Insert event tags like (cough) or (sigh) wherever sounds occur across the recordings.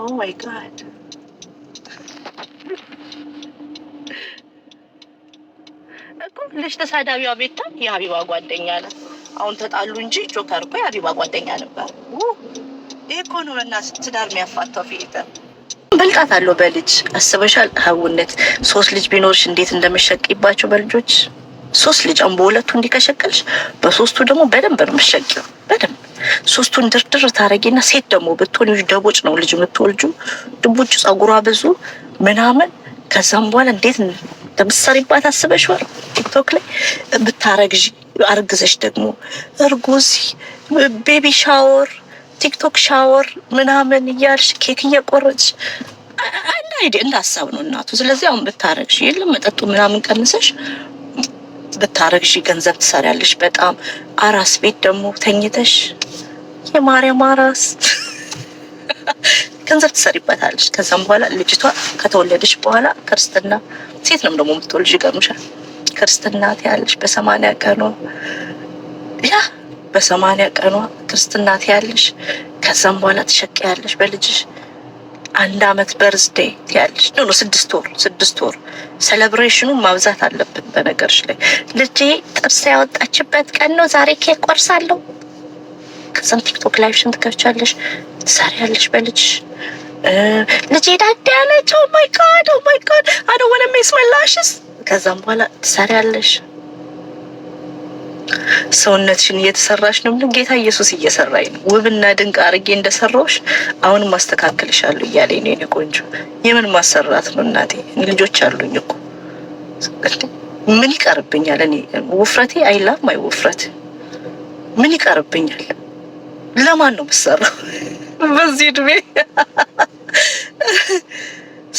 Oh my god. እኮ ልጅ ተሳዳቢዋ ቤታ የሀቢባ ጓደኛ ነ አሁን ተጣሉ እንጂ ጆከር እኮ የሀቢባ ጓደኛ ነበር። ይህ እኮ ነው በእናትህ ትዳር የሚያፋታው ፊት ብልጣት አለው በልጅ አስበሻል። ሀውነት ሶስት ልጅ ቢኖርሽ እንዴት እንደምሸቅይባቸው በልጆች ሶስት ልጅ አሁን በሁለቱ እንዲከሸቀልሽ በሶስቱ ደግሞ በደንብ ነው የምትሸቂው በደንብ ሶስቱን ድርድር ታረጊና ሴት ደግሞ ብትሆን ደቦጭ ነው ልጅ የምትወልጁ ድቦጭ ጸጉሯ ብዙ ምናምን ከዛም በኋላ እንዴት እንደምትሰሪባት አስበሽዋል። ቲክቶክ ላይ ብታረግዥ አርግዘሽ ደግሞ እርጉዝ ቤቢ ሻወር ቲክቶክ ሻወር ምናምን እያልሽ ኬክ እየቆረጭ አንድ አይዲ እንደ ሀሳብ ነው እናቱ። ስለዚህ አሁን ብታረግሽ የለም መጠጡ ምናምን ቀንሰሽ ብታረግሽ ገንዘብ ትሰሪያለሽ። በጣም አራስ ቤት ደግሞ ተኝተሽ የማርያም አራስ ገንዘብ ትሰሪበታለች። ከዛም በኋላ ልጅቷ ከተወለደች በኋላ ክርስትና ሴት ነው ደግሞ የምትወልጅ ይገርምሻል። ክርስትና ትያለሽ በሰማንያ ቀኗ ያ በሰማንያ ቀኗ ክርስትና ትያለሽ። ከዛም በኋላ ትሸቀያለሽ በልጅሽ አንድ አመት በርዝዴ ያለች ኖ ስድስት ወር ስድስት ወር ሴሌብሬሽኑ ማብዛት አለብን። በነገሮች ላይ ልጄ ጥርስ ያወጣችበት ቀን ነው ዛሬ ኬክ ቆርሳለሁ። ከዛም ቲክቶክ ላይቭሽን ትከፍቻለሽ፣ ትሰሪያለሽ በልጅሽ ልጄ ዳዳ ያለች ኦ ማይ ጋድ ኦ ማይ ጋድ አይ ዶንት ዋንት ሚስ ማይ ላሽስ። ከዛም በኋላ ትሰሪያለሽ ሰውነትሽን እየተሰራሽ ነው። ምንም ጌታ ኢየሱስ እየሰራኝ ነው። ውብና ድንቅ አርጌ እንደሰራውሽ አሁን ማስተካከልሻለሁ እያለ ነው። የኔ ቆንጆ የምን ማሰራት ነው እናቴ? ልጆች አሉኝ እኮ ምን ይቀርብኛል? እኔ ውፍረቴ አይላም አይ ውፍረት ምን ይቀርብኛል? ለማን ነው የምትሰራው በዚህ እድሜ?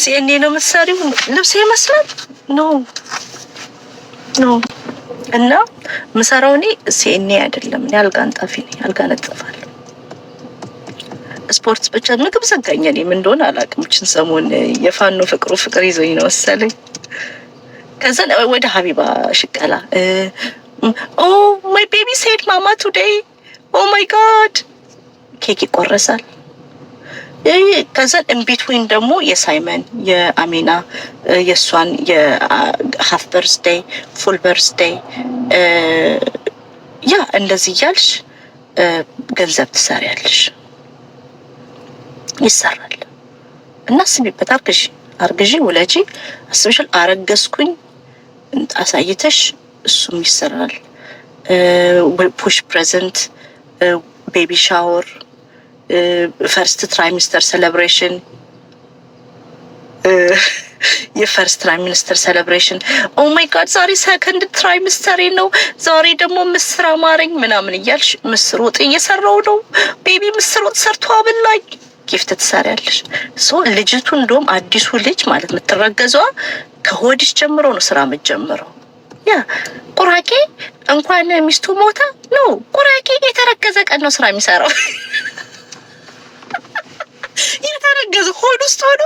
ሲኤንኤ ነው የምትሰሪው? ልብስ ይመስላል ኖ ኖ እና ምሰራው እኔ ሴኔ አይደለም። እኔ አልጋ ንጣፊ ነኝ። አልጋ ነጥፋለሁ። ስፖርት ብቻ ምግብ ዘጋኝ። እኔም እንደሆነ አላውቅም። ችን ሰሞን የፋኖ ፍቅሩ ፍቅር ይዞኝ ነው መሰለኝ። ከዛ ወደ ሀቢባ ሽቀላ ኦ ማይ ቤቢ ሴድ ማማ ቱዴይ ኦ ማይ ጋድ ኬክ ይቆረሳል። ከዛ ኢንቢትዊን ደግሞ የሳይመን የአሜና የእሷን የሀፍ በርስደይ ፉል በርስደይ ያ እንደዚህ እያልሽ ገንዘብ ትሰሪያለሽ። ይሰራል እና ስሚበት። አርግዢ አርግዢ፣ ውለጂ፣ አስብሻል። አረገዝኩኝ አሳይተሽ እሱም ይሰራል። ፑሽ ፕሬዘንት፣ ቤቢ ሻወር ፈርስት ትራይሚስተር ሴሌብሬሽን የፈርስት ትራይም ሚኒስተር ሴሌብሬሽን ኦ ማይ ጋድ ዛሬ ሰከንድ ትራይም ሚኒስተር ነው። ዛሬ ደግሞ ምስር አማረኝ ምናምን እያልሽ ምስር ወጥ እየሰራው ነው። ቤቢ ምስር ወጥ ሰርቶ አብላኝ ጊፍት ትሰሪያለሽ። ሶ ልጅቱ እንደውም አዲሱ ልጅ ማለት የምትረገዟ ከሆድሽ ጀምሮ ነው ስራ የምትጀምረው። ያ ቁራቄ እንኳን ሚስቱ ሞታ ነው ቁራቄ የተረገዘ ቀን ነው ስራ የሚሰራው። የተረገዘ ሆድ ውስጥ ሆኖ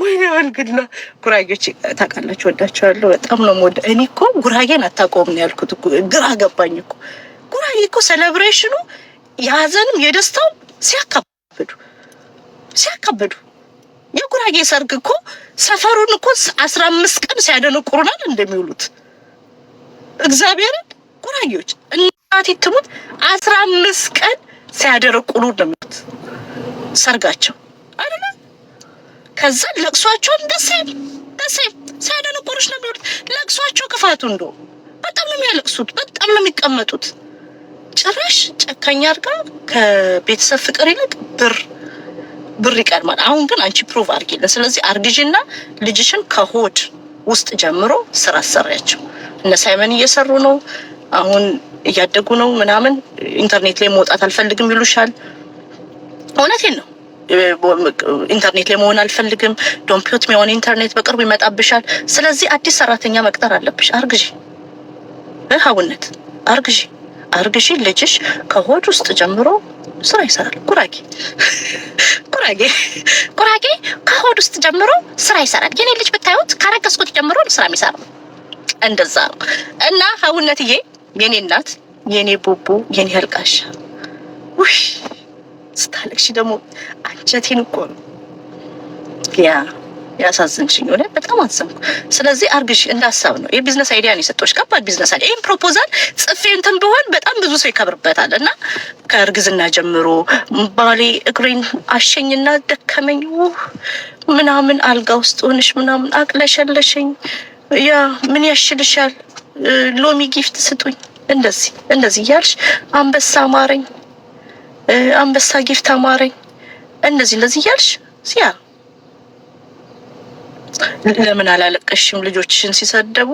ወይን ግና ጉራጌዎች ታውቃላችሁ፣ ወዳችኋለሁ። በጣም ነው ወደ እኔ እኮ ጉራጌን አታቆም ነው ያልኩት። ግራ ገባኝ እኮ ጉራጌ እኮ ሴሌብሬሽኑ የሀዘንም የደስታውም ሲያካብዱ ሲያካብዱ የጉራጌ ሰርግ እኮ ሰፈሩን እኮ አስራ አምስት ቀን ሲያደነቁሩናል እንደሚውሉት እግዚአብሔርን ጉራጌዎች ትሙት አስራ አምስት ቀን ሲያደረቁሉ ደምት ሰርጋቸው አይደለ? ከዛ ለቅሷቸው እንደሴ ደሴ ሲያደነቆሩች ነው የሚወዱት። ለቅሷቸው ክፋቱ እንዶ በጣም ነው የሚያለቅሱት፣ በጣም ነው የሚቀመጡት። ጭራሽ ጨካኝ አድርጋ ከቤተሰብ ፍቅር ይልቅ ብር ብር ይቀድማል። አሁን ግን አንቺ ፕሩቭ አድርጊልን። ስለዚህ አርግዥና ልጅሽን ከሆድ ውስጥ ጀምሮ ስራ አሰሪያቸው እነ ሳይመን እየሰሩ ነው አሁን እያደጉ ነው ምናምን ኢንተርኔት ላይ መውጣት አልፈልግም ይሉሻል። እውነቴን ነው። ኢንተርኔት ላይ መሆን አልፈልግም ዶምፒዮት የሚሆን ኢንተርኔት በቅርቡ ይመጣብሻል። ስለዚህ አዲስ ሰራተኛ መቅጠር አለብሽ። አርግዢ ሀውነት አርግዢ አርግዢ። ልጅሽ ከሆድ ውስጥ ጀምሮ ስራ ይሰራል። ጉራጌ ጉራጌ ጉራጌ ከሆድ ውስጥ ጀምሮ ስራ ይሰራል። የኔ ልጅ ብታዩት ካረገዝኩት ጀምሮ ስራ የሚሰራው እንደዛ ነው እና ሀውነትዬ የኔ እናት፣ የኔ ቦቦ፣ የኔ አልቃሻ ውሽ ስታለቅሽ ደግሞ አንጀቴን እኮ ነው ያ ያሳዝንሽኝ ሆነ። በጣም አዘንኩ። ስለዚህ አርግሽ እንደ ሀሳብ ነው የቢዝነስ አይዲያ ነው የሰጠሁሽ። ከባድ ቢዝነስ አለ። ይህም ፕሮፖዛል ጽፌ እንትን ብሆን በጣም ብዙ ሰው ይከብርበታል እና ከእርግዝና ጀምሮ ባሌ እግሬን አሸኝና ደከመኝ ምናምን አልጋ ውስጥ ሆንሽ ምናምን አቅለሸለሸኝ። ያ ምን ያሽልሻል ሎሚ ጊፍት ስጡኝ፣ እንደዚህ እንደዚህ እያልሽ አንበሳ አማረኝ፣ አንበሳ ጊፍት አማረኝ፣ እንደዚህ እንደዚህ እያልሽ ሲያ ለምን አላለቀሽም? ልጆችሽን ሲሰደቡ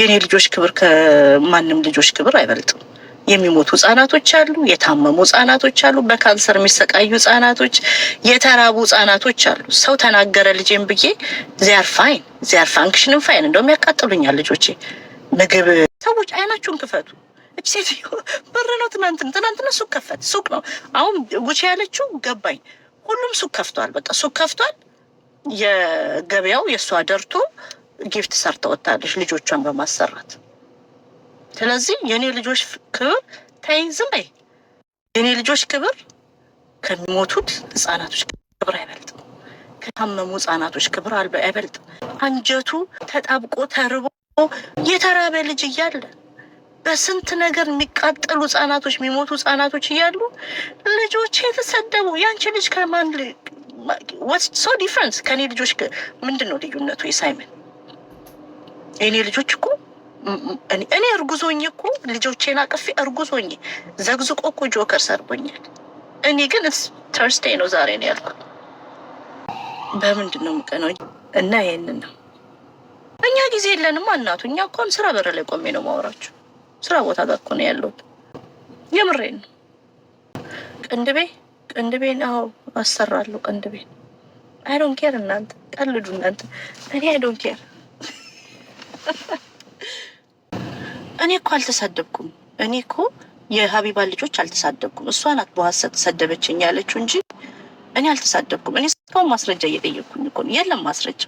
የኔ ልጆች ክብር ከማንም ልጆች ክብር አይበልጥም። የሚሞቱ ህጻናቶች አሉ፣ የታመሙ ህጻናቶች አሉ፣ በካንሰር የሚሰቃዩ ህጻናቶች፣ የተራቡ ህጻናቶች አሉ። ሰው ተናገረ ልጄም ብዬ ዚያር ፋይን ዚያር ፋንክሽንም ፋይን እንደውም ያቃጥሉኛል ልጆቼ ምግብ ሰዎች አይናችሁን ክፈቱ። እች ሴትዮ በር ነው። ትናንትና ትናንትና ሱቅ ከፈት ሱቅ ነው አሁን ጉቺ ያለችው ገባኝ። ሁሉም ሱቅ ከፍቷል። በቃ ሱቅ ከፍቷል። የገበያው የእሷ ደርቶ ጊፍት ሰርተ ወታለች ልጆቿን በማሰራት ስለዚህ የእኔ ልጆች ክብር ተይዝም ዝም በይ። የእኔ ልጆች ክብር ከሚሞቱት ህጻናቶች ክብር አይበልጥም። ከታመሙ ህጻናቶች ክብር አይበልጥም። አንጀቱ ተጣብቆ ተርቦ የተራበ ልጅ እያለ በስንት ነገር የሚቃጠሉ ህጻናቶች የሚሞቱ ህጻናቶች እያሉ ልጆች የተሰደቡ ያንቺ ልጅ ከማን ሶ ዲፍረንስ ከእኔ ልጆች ምንድን ነው ልዩነቱ? የሳይመን የእኔ ልጆች እኮ እኔ እርጉዞኝ እኮ ልጆቼን አቅፌ እርጉዞኝ ዘግዝቆ እኮ ጆከር ሰርቦኛል። እኔ ግን ተርስዴይ ነው ዛሬ ነው ያልኩት። በምንድን ነው የምቀነው? እና ይህንን ነው እኛ ጊዜ የለንም እናቱ። እኛ እኳን ስራ በር ላይ ቆሜ ነው ማውራችሁ። ስራ ቦታ ጋር እኮ ነው ያለሁት። የምሬን ነው። ቅንድቤ ቅንድቤን፣ አዎ አሰራለሁ ቅንድቤን። አይ ዶን ኬር እናንተ ቀልዱ እናንተ። እኔ አይ ዶን ኬር። እኔ እኮ አልተሳደብኩም። እኔ እኮ የሀቢባ ልጆች አልተሳደብኩም። እሷ ናት በሀሰት ሰደበችኝ ያለችው እንጂ እኔ አልተሳደብኩም። እኔ እስካሁን ማስረጃ እየጠየቅኩኝ እኮ ነው። የለም ማስረጃ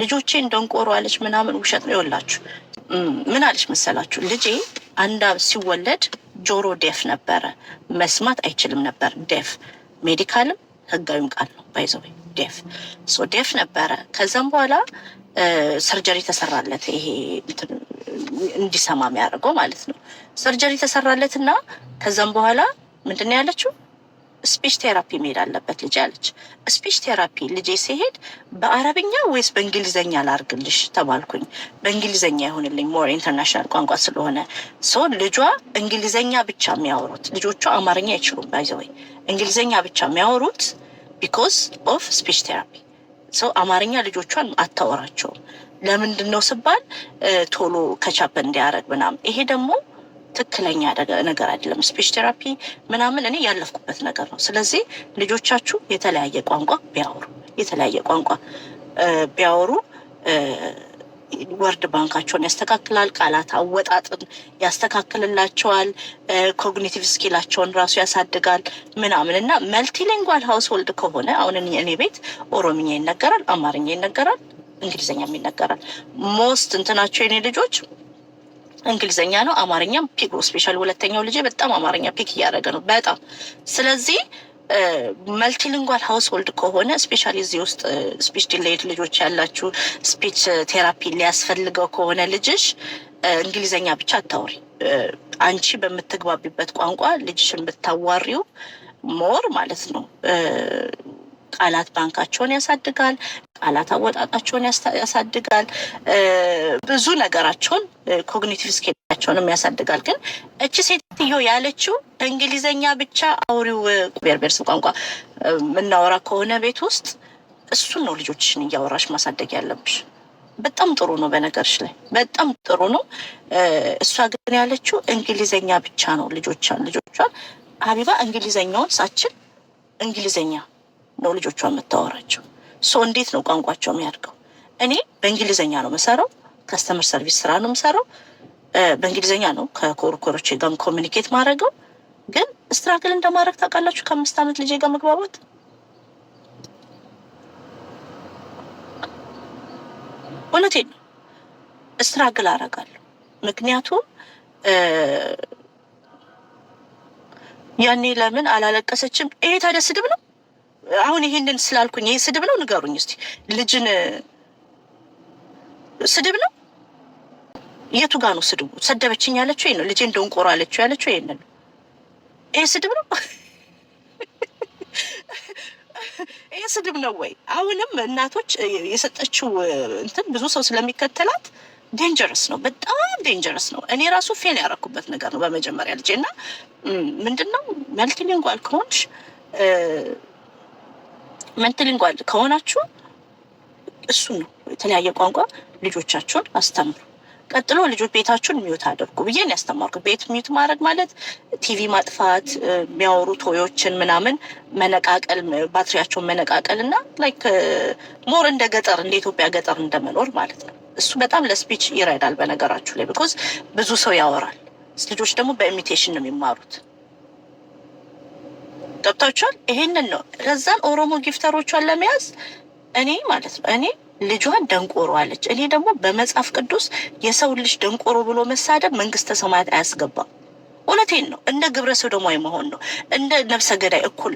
ልጆቼ እንደንቆሮ አለች ምናምን ውሸት ነው። ይወላችሁ ምን አለች መሰላችሁ? ልጄ አንድ ሲወለድ ጆሮ ዴፍ ነበረ፣ መስማት አይችልም ነበር። ደፍ ሜዲካልም ህጋዊም ቃል ነው። ባይዘዌ ደፍ ሶ ነበረ። ከዛም በኋላ ሰርጀሪ ተሰራለት፣ ይሄ እንዲሰማ የሚያደርገው ማለት ነው። ሰርጀሪ ተሰራለት እና ከዛም በኋላ ምንድን ነው ያለችው ስፒች ቴራፒ መሄድ አለበት ልጅ አለች። ስፒች ቴራፒ ልጄ ሲሄድ በአረብኛ ወይስ በእንግሊዘኛ ላርግልሽ ተባልኩኝ። በእንግሊዘኛ ይሆንልኝ ሞር ኢንተርናሽናል ቋንቋ ስለሆነ ሰው ልጇ እንግሊዘኛ ብቻ የሚያወሩት ልጆቿ አማርኛ አይችሉም። ባይዘወይ እንግሊዘኛ ብቻ የሚያወሩት ቢኮዝ ኦፍ ስፒች ቴራፒ ሰው አማርኛ ልጆቿን አታወራቸውም። ለምንድን ነው ስባል ቶሎ ከቻፕ እንዲያደርግ ምናምን ይሄ ደግሞ ትክክለኛ ነገር አይደለም። ስፒች ቴራፒ ምናምን እኔ ያለፍኩበት ነገር ነው። ስለዚህ ልጆቻችሁ የተለያየ ቋንቋ ቢያወሩ የተለያየ ቋንቋ ቢያወሩ ወርድ ባንካቸውን ያስተካክላል። ቃላት አወጣጥን ያስተካክልላቸዋል። ኮግኒቲቭ ስኪላቸውን ራሱ ያሳድጋል ምናምን እና መልቲሊንጓል ሀውስሆልድ ከሆነ አሁን እኔ ቤት ኦሮምኛ ይነገራል፣ አማርኛ ይነገራል፣ እንግሊዝኛም ይነገራል። ሞስት እንትናቸው የኔ ልጆች እንግሊዘኛ ነው፣ አማርኛም ፒክ ነው። ስፔሻል ሁለተኛው ልጄ በጣም አማርኛ ፒክ እያደረገ ነው በጣም ስለዚህ መልቲሊንጓል ሀውስሆልድ ከሆነ ስፔሻሊ እዚህ ውስጥ ስፒች ዲሌይድ ልጆች ያላችሁ ስፒች ቴራፒ ሊያስፈልገው ከሆነ ልጅሽ እንግሊዘኛ ብቻ አታውሪ። አንቺ በምትግባቢበት ቋንቋ ልጅሽን ብታዋሪው ሞር ማለት ነው ቃላት ባንካቸውን ያሳድጋል። ቃላት አወጣጣቸውን ያሳድጋል። ብዙ ነገራቸውን ኮግኒቲቭ ስኬላቸውንም ያሳድጋል። ግን እች ሴትዮ ያለችው በእንግሊዘኛ ብቻ አውሪው ብሔር ቋንቋ የምናወራ ከሆነ ቤት ውስጥ እሱን ነው ልጆችሽን እያወራሽ ማሳደግ ያለብሽ። በጣም ጥሩ ነው፣ በነገርሽ ላይ በጣም ጥሩ ነው። እሷ ግን ያለችው እንግሊዘኛ ብቻ ነው ልጆቿን ልጆቿን ሀቢባ እንግሊዘኛውን ሳችል እንግሊዘኛ ነው ልጆቿ የምታወራቸው። ሰው እንዴት ነው ቋንቋቸው የሚያድገው? እኔ በእንግሊዝኛ ነው የምሰራው፣ ከስተመር ሰርቪስ ስራ ነው የምሰራው። በእንግሊዝኛ ነው ከኮርኮሮቼ ጋር ኮሚኒኬት ማድረገው። ግን ስትራግል እንደማድረግ ታውቃላችሁ። ከአምስት ዓመት ልጄ ጋር መግባባት እውነቴን ነው እስትራግል አደርጋለሁ። ምክንያቱም ያኔ ለምን አላለቀሰችም? ይሄ ታዲያ ስድብ ነው። አሁን ይሄንን ስላልኩኝ ይሄ ስድብ ነው? ንገሩኝ እስቲ። ልጅን ስድብ ነው? የቱ ጋ ነው ስድቡ? ሰደበችኝ ያለችው ይሄ ነው። ልጄ እንደ አለችው ያለችው ይሄንን ነው። ይሄ ስድብ ነው? (laughs) ይሄ ስድብ ነው ወይ? አሁንም እናቶች የሰጠችው እንትን ብዙ ሰው ስለሚከተላት ዴንጀረስ ነው፣ በጣም ዴንጀረስ ነው። እኔ ራሱ ፌል ያደረኩበት ነገር ነው በመጀመሪያ ልጄ እና ምንድን ነው መልቲሊንጓል ከሆንሽ መንትሊንግ ከሆናችሁ እሱ ነው የተለያየ ቋንቋ ልጆቻችሁን አስተምሩ። ቀጥሎ ልጆች ቤታችሁን ሚዩት አድርጉ ብዬ ነው ያስተማርኩት። ቤት ሚዩት ማድረግ ማለት ቲቪ ማጥፋት፣ የሚያወሩ ቶዮችን ምናምን መነቃቀል፣ ባትሪያቸውን መነቃቀል እና ላይክ ሞር እንደ ገጠር እንደ ኢትዮጵያ ገጠር እንደመኖር ማለት ነው። እሱ በጣም ለስፒች ይረዳል። በነገራችሁ ላይ ቢኮዝ ብዙ ሰው ያወራል። ልጆች ደግሞ በኢሚቴሽን ነው የሚማሩት። ገብታችኋል? ይሄንን ነው። ለዛን ኦሮሞ ጊፍተሮቿን ለመያዝ እኔ ማለት ነው እኔ ልጇን ደንቆሮ አለች። እኔ ደግሞ በመጽሐፍ ቅዱስ የሰው ልጅ ደንቆሮ ብሎ መሳደብ መንግስተ ሰማያት አያስገባም። እውነቴን ነው። እንደ ግብረ ሰዶማዊ መሆን ነው። እንደ ነብሰ ገዳይ እኩል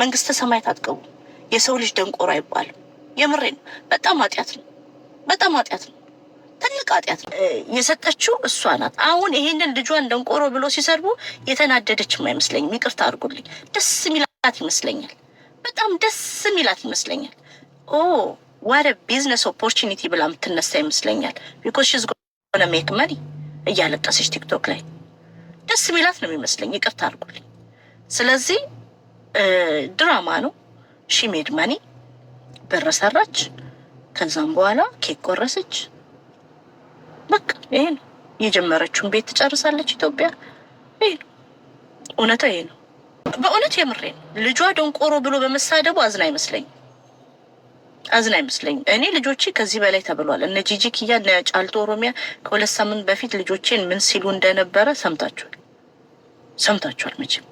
መንግስተ ሰማያት አትገቡ። የሰው ልጅ ደንቆሮ አይባልም። የምሬ ነው። በጣም ኃጢአት ነው። በጣም ኃጢአት ነው። ትልቅ ኃጢአት የሰጠችው እሷ ናት። አሁን ይሄንን ልጇን ደንቆሮ ብሎ ሲሰርቡ የተናደደችም አይመስለኝም። ይቅርታ አድርጉልኝ። ደስ ሚላት ይመስለኛል። በጣም ደስ ሚላት ይመስለኛል። ኦ ዋደ ቢዝነስ ኦፖርቹኒቲ ብላ የምትነሳ ይመስለኛል። ቢኮዝ ሽዝ ጎነ ሜክ መኒ እያለቀሰች ቲክቶክ ላይ ደስ ሚላት ነው የሚመስለኝ። ይቅርታ አድርጉልኝ። ስለዚህ ድራማ ነው። ሺሜድ መኒ በረሰራች ከዛም በኋላ ኬክ ቆረሰች። በቃ ይሄ ነው። የጀመረችውን ቤት ትጨርሳለች ኢትዮጵያ። ይሄ ነው እውነታ፣ ይሄ ነው በእውነት የምሬ ነው። ልጇ ደንቆሮ ብሎ በመሳደቡ አዝን አይመስለኝ አዝን አይመስለኝ። እኔ ልጆቼ ከዚህ በላይ ተብሏል። እነ ጂጂ ኪያ፣ እነ ጫልቶ ኦሮሚያ ከሁለት ሳምንት በፊት ልጆቼን ምን ሲሉ እንደነበረ ሰምታችኋል፣ ሰምታችኋል መቼም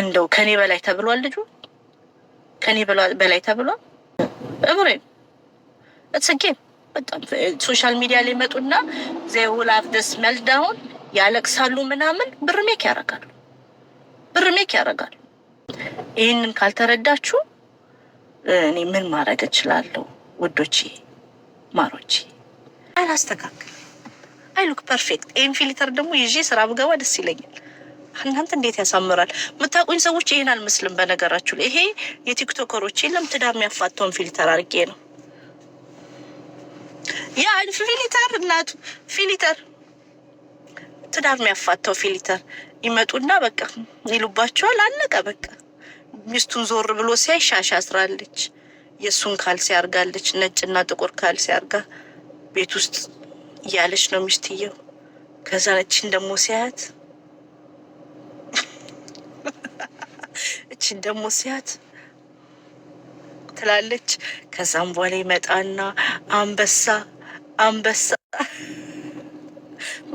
እንደው ከኔ በላይ ተብሏል። ልጁ ከኔ በላይ ተብሏል። እምሬ ነው እትስጌም ሶሻል ሚዲያ ላይ መጡና ዘውላፍ ደስ መልዳውን ያለቅሳሉ ምናምን ብርሜክ ያደርጋሉ ብርሜክ ያደርጋሉ። ይህንን ካልተረዳችሁ እኔ ምን ማድረግ እችላለሁ? ውዶቼ ማሮቼ አላስተካክል አይ ሉክ ፐርፌክት። ይህን ፊልተር ደግሞ ይዤ ስራ ብገባ ደስ ይለኛል። እናንተ እንዴት ያሳምራል! የምታውቁኝ ሰዎች ይህን አልመስልም። በነገራችሁ ላይ ይሄ የቲክቶከሮች የለም ትዳር የሚያፋተውን ፊልተር አድርጌ ነው ያ ፊሊተር እናቱ ፊሊተር ትዳር የሚያፋታው ፊሊተር ይመጡና በቃ ይሉባቸዋል። አለቀ በቃ። ሚስቱን ዞር ብሎ ሲያይ ሻሽ አስራለች፣ የእሱን ካልሲ አርጋለች፣ ነጭና ጥቁር ካልሲ አርጋ ቤት ውስጥ እያለች ነው ሚስትየው። ከዛ እችን ደግሞ ሲያት እችን ደግሞ ሲያት ትላለች። ከዛም በኋላ ይመጣና አንበሳ አንበሳ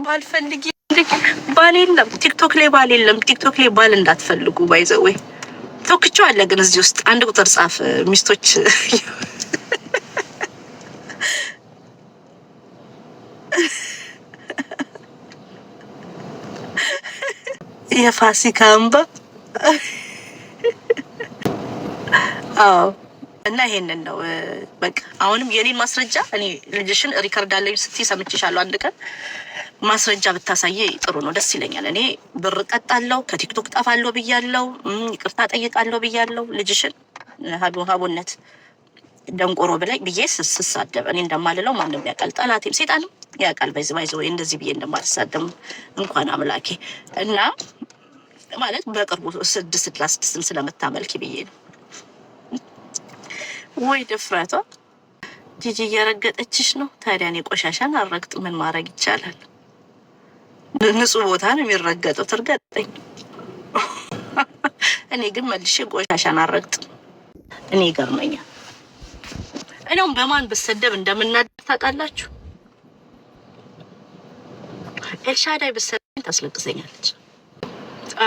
ባልፈልግ ባል የለም ቲክቶክ ላይ ባል የለም ቲክቶክ ላይ ባል እንዳትፈልጉ ባይዘወይ ተወክቼው አለ። ግን እዚህ ውስጥ አንድ ቁጥር ጻፍ ሚስቶች (laughs) የፋሲካ አምባ (laughs) አዎ እና ይሄንን ነው በቃ አሁንም የኔን ማስረጃ እኔ ልጅሽን ሪከርድ አለኝ ስትይ ሰምቼሻለሁ። አንድ ቀን ማስረጃ ብታሳየ ጥሩ ነው፣ ደስ ይለኛል። እኔ ብር ቀጣለው፣ ከቲክቶክ ጠፋለሁ ብያለው፣ ይቅርታ ጠይቃለው ብያለው። ልጅሽን ሀቡነት ደንቆሮ ብላይ ብዬ ስሳደብ እኔ እንደማልለው ማንም ያውቃል፣ ጠላቴም ሴጣንም ያውቃል። ባይዘ ባይዘ ወይ እንደዚህ ብዬ እንደማልሳደብ እንኳን አምላኬ እና ማለት በቅርቡ ስድስት ላስድስትን ስለምታመልክ ብዬ ነው ወይ ድፍረቷ! ጂጂ እየረገጠችሽ ነው። ታዲያ እኔ ቆሻሻን ምን ማድረግ ይቻላል? ንጹህ ቦታ ነው የሚረገጠው። ትርገጠኝ። እኔ ግን መልሼ ቆሻሻን አረግጥ እኔ ይገርመኛል። እኔውም በማን ብሰደብ እንደምናደር ታውቃላችሁ? ኤልሻዳይ ብሰደኝ ታስለቅሰኛለች።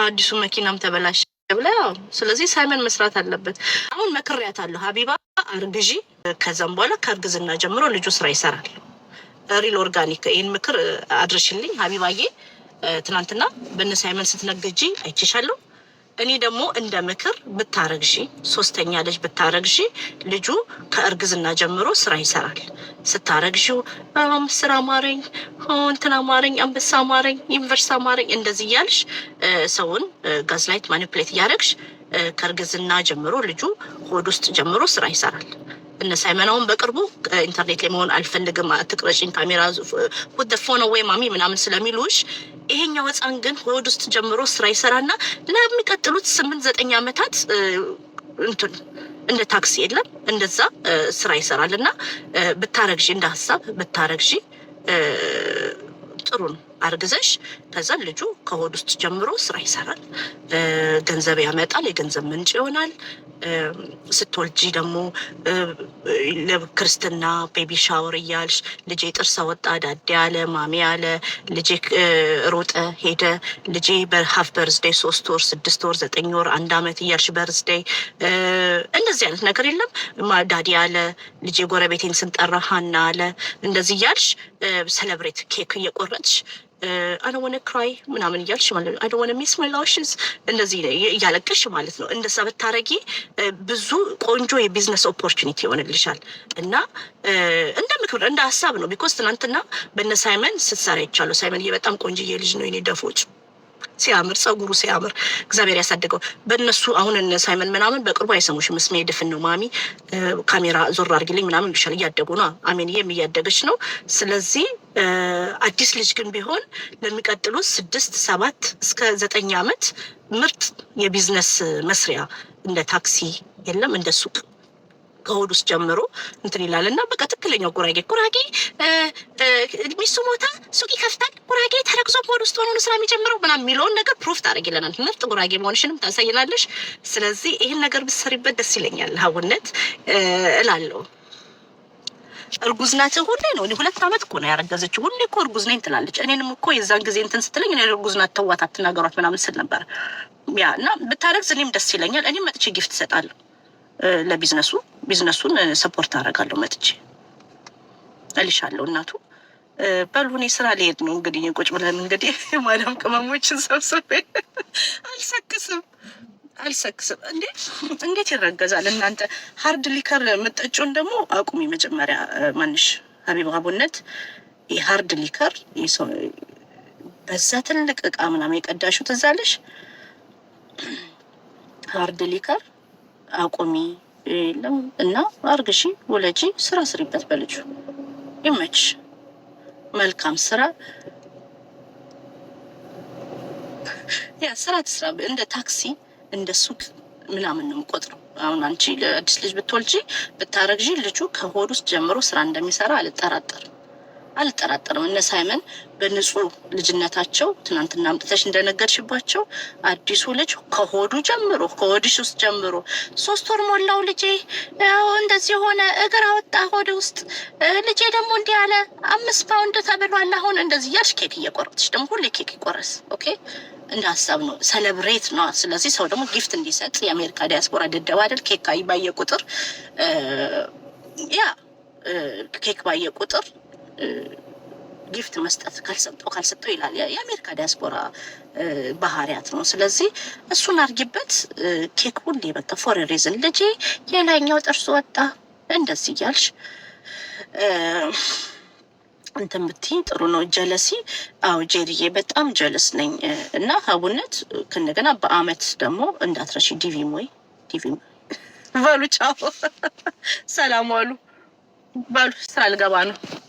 አዲሱ መኪናም ተበላሽ ብለው ስለዚህ ሳይመን መስራት አለበት። አሁን መክሪያት አለሁ ሀቢባ አርግዢ፣ ከዛም በኋላ ከእርግዝና ጀምሮ ልጁ ስራ ይሰራል። ሪል ኦርጋኒክ ይህን ምክር አድርሽልኝ ሀቢባዬ። ትናንትና በነ ሳይመን ስትነግጂ አይችሻለሁ። እኔ ደግሞ እንደ ምክር ብታረግዢ ሶስተኛ ልጅ ብታረግዢ ልጁ ከእርግዝና ጀምሮ ስራ ይሰራል። ስታረግዢው ስራ አማረኝ፣ እንትን አማረኝ፣ አንበሳ አማረኝ፣ ዩኒቨርስ አማረኝ እንደዚህ እያልሽ ሰውን ጋዝላይት ማኒፕሌት እያደረግሽ ከእርግዝና ጀምሮ ልጁ ሆድ ውስጥ ጀምሮ ስራ ይሰራል። እነ ሳይመናውን በቅርቡ ኢንተርኔት ላይ መሆን አልፈልግም፣ አትቅረጭኝ፣ ካሜራ ወደ ፎን ወይ ማሚ ምናምን ስለሚሉሽ ይሄኛው ህፃን ግን ሆድ ውስጥ ጀምሮ ስራ ይሰራና ለሚቀጥሉት ስምንት ዘጠኝ ዓመታት እንትን እንደ ታክሲ የለም እንደዛ ስራ ይሰራል እና ብታረግዢ እንደ ሀሳብ ብታረግዢ ጥሩ ነው። አርግዘሽ ከዛ ልጁ ከሆድ ውስጥ ጀምሮ ስራ ይሰራል፣ ገንዘብ ያመጣል፣ የገንዘብ ምንጭ ይሆናል። ስትወልጂ ደግሞ ለክርስትና ቤቢ ሻወር እያልሽ ልጄ ጥርስ ወጣ፣ ዳዴ አለ፣ ማሚ አለ፣ ልጄ ሮጠ ሄደ፣ ልጄ በሀፍ በርዝዴይ ሶስት ወር፣ ስድስት ወር፣ ዘጠኝ ወር፣ አንድ አመት እያልሽ በርዝዴይ እንደዚህ አይነት ነገር የለም። ዳዲ አለ፣ ልጄ ጎረቤቴን ስንጠራ ሀና አለ፣ እንደዚህ እያልሽ ሰለብሬት ኬክ እየቆረጥሽ አለወነ ክራይ ምናምን እያልሽ ማለት ነው። አለወነ ሚስ ማይ ላሽንስ እንደዚህ እያለቅሽ ማለት ነው። እንደዛ ብታረጊ ብዙ ቆንጆ የቢዝነስ ኦፖርቹኒቲ ይሆንልሻል። እና እንደ ምክብር እንደ ሀሳብ ነው። ቢኮስ ትናንትና በነ ሳይመን ስትሰራ ይቻሉ ሳይመን ይሄ በጣም ቆንጆዬ የልጅ ነው። የኔ ደፎጭ ሲያምር ጸጉሩ ሲያምር እግዚአብሔር ያሳደገው በእነሱ አሁን እነ ሳይመን ምናምን በቅርቡ አይሰሙሽም። ስሜ ድፍን ነው ማሚ ካሜራ ዞር አድርጊልኝ ምናምን ብሻል እያደጉ ነው። አሜንዬም እያደገች ነው። ስለዚህ አዲስ ልጅ ግን ቢሆን ለሚቀጥሉት ስድስት ሰባት እስከ ዘጠኝ ዓመት ምርጥ የቢዝነስ መስሪያ እንደ ታክሲ የለም እንደ ሱቅ ከሆድ ውስጥ ጀምሮ እንትን ይላል እና በቃ ትክክለኛው ጉራጌ ጉራጌ ሚስቱ ሞታ ሱቅ ይከፍታል ጉራጌ ተረግዞ ከሆድ ውስጥ ሆኖ ስራ የሚጀምረው ምናምን የሚለውን ነገር ፕሩፍ ታደርጊለናል። ምርጥ ጉራጌ መሆንሽንም ታሳይናለሽ። ስለዚህ ይህን ነገር ብትሰሪበት ደስ ይለኛል። ሀውነት እላለሁ። እርጉዝ ናት። ሁሌ ነው ሁለት ዓመት እኮ ነው ያረገዘችው። ሁሌ እኮ እርጉዝ ነኝ ትላለች። እኔንም እኮ የዛን ጊዜ እንትን ስትለኝ እርጉዝ ናት ተዋት፣ አትናገሯት ምናምን ስል ነበር። ያ እና ብታረግዝ እኔም ደስ ይለኛል። እኔም መጥቼ ጊፍት እሰጣለሁ። ለቢዝነሱ ቢዝነሱን ሰፖርት አደርጋለሁ። መጥቼ እልሻለሁ እናቱ በሉ እኔ ስራ ሊሄድ ነው እንግዲህ ቁጭ ብለን እንግዲህ (laughs) ማዳም ቅመሞችን ሰብስቤ (laughs) አልሰክስም አልሰክስም እንዴ እንዴት ይረገዛል እናንተ ሀርድ ሊከር የምጠጩን ደግሞ አቁሚ መጀመሪያ ማንሽ ሀቢብ አቡነት የሀርድ ሊከር በዛ ትልቅ እቃ ምናምን የቀዳሹ ትዛለሽ ሀርድ ሊከር አቁሚ የለም እና አርግሺ፣ ውለጂ፣ ስራ ስሪበት፣ በልጁ ይመች መልካም ስራ ያ ስራ ትስራ። እንደ ታክሲ እንደ ሱቅ ምናምን ነው የምቆጥረው። አሁን አንቺ ለአዲስ ልጅ ብትወልጂ ብታረግዢ ልጁ ከሆድ ውስጥ ጀምሮ ስራ እንደሚሰራ አልጠራጠርም። አልጠራጠርም። እነ ሳይመን በንጹህ ልጅነታቸው ትናንትና አምጥተሽ እንደነገርሽባቸው አዲሱ ልጅ ከሆዱ ጀምሮ ከሆድሽ ውስጥ ጀምሮ ሶስት ወር ሞላው ልጄ እንደዚህ የሆነ እግር አወጣ ሆድ ውስጥ ልጄ ደግሞ እንዲህ አለ አምስት ፓውንድ ተብሏል። አሁን እንደዚህ እያልሽ ኬክ እየቆረጥሽ ደግሞ ሁሌ ኬክ ይቆረስ። ኦኬ እንደ ሀሳብ ነው፣ ሰለብሬት ነው። ስለዚህ ሰው ደግሞ ጊፍት እንዲሰጥ የአሜሪካ ዲያስፖራ ደደብ አይደል? ኬክ ባየ ቁጥር ያ ኬክ ባየ ቁጥር ጊፍት መስጠት ካልሰጠው ካልሰጠው ይላል። የአሜሪካ ዲያስፖራ ባህሪያት ነው። ስለዚህ እሱን አድርጊበት። ኬክ ሁሌ በቃ ፎር ሪዝን ልጄ የላይኛው ጥርሱ ወጣ እንደዚህ እያልሽ እንትን ብትይኝ ጥሩ ነው። ጀለሲ አው ጄሪዬ በጣም ጀለስ ነኝ እና ሀቡነት ከእንደገና በአመት ደግሞ እንዳትረሺ። ዲቪም ወይ ዲቪም ባሉ ቻው፣ ሰላም ዋሉ ባሉ ስራ ልገባ ነው።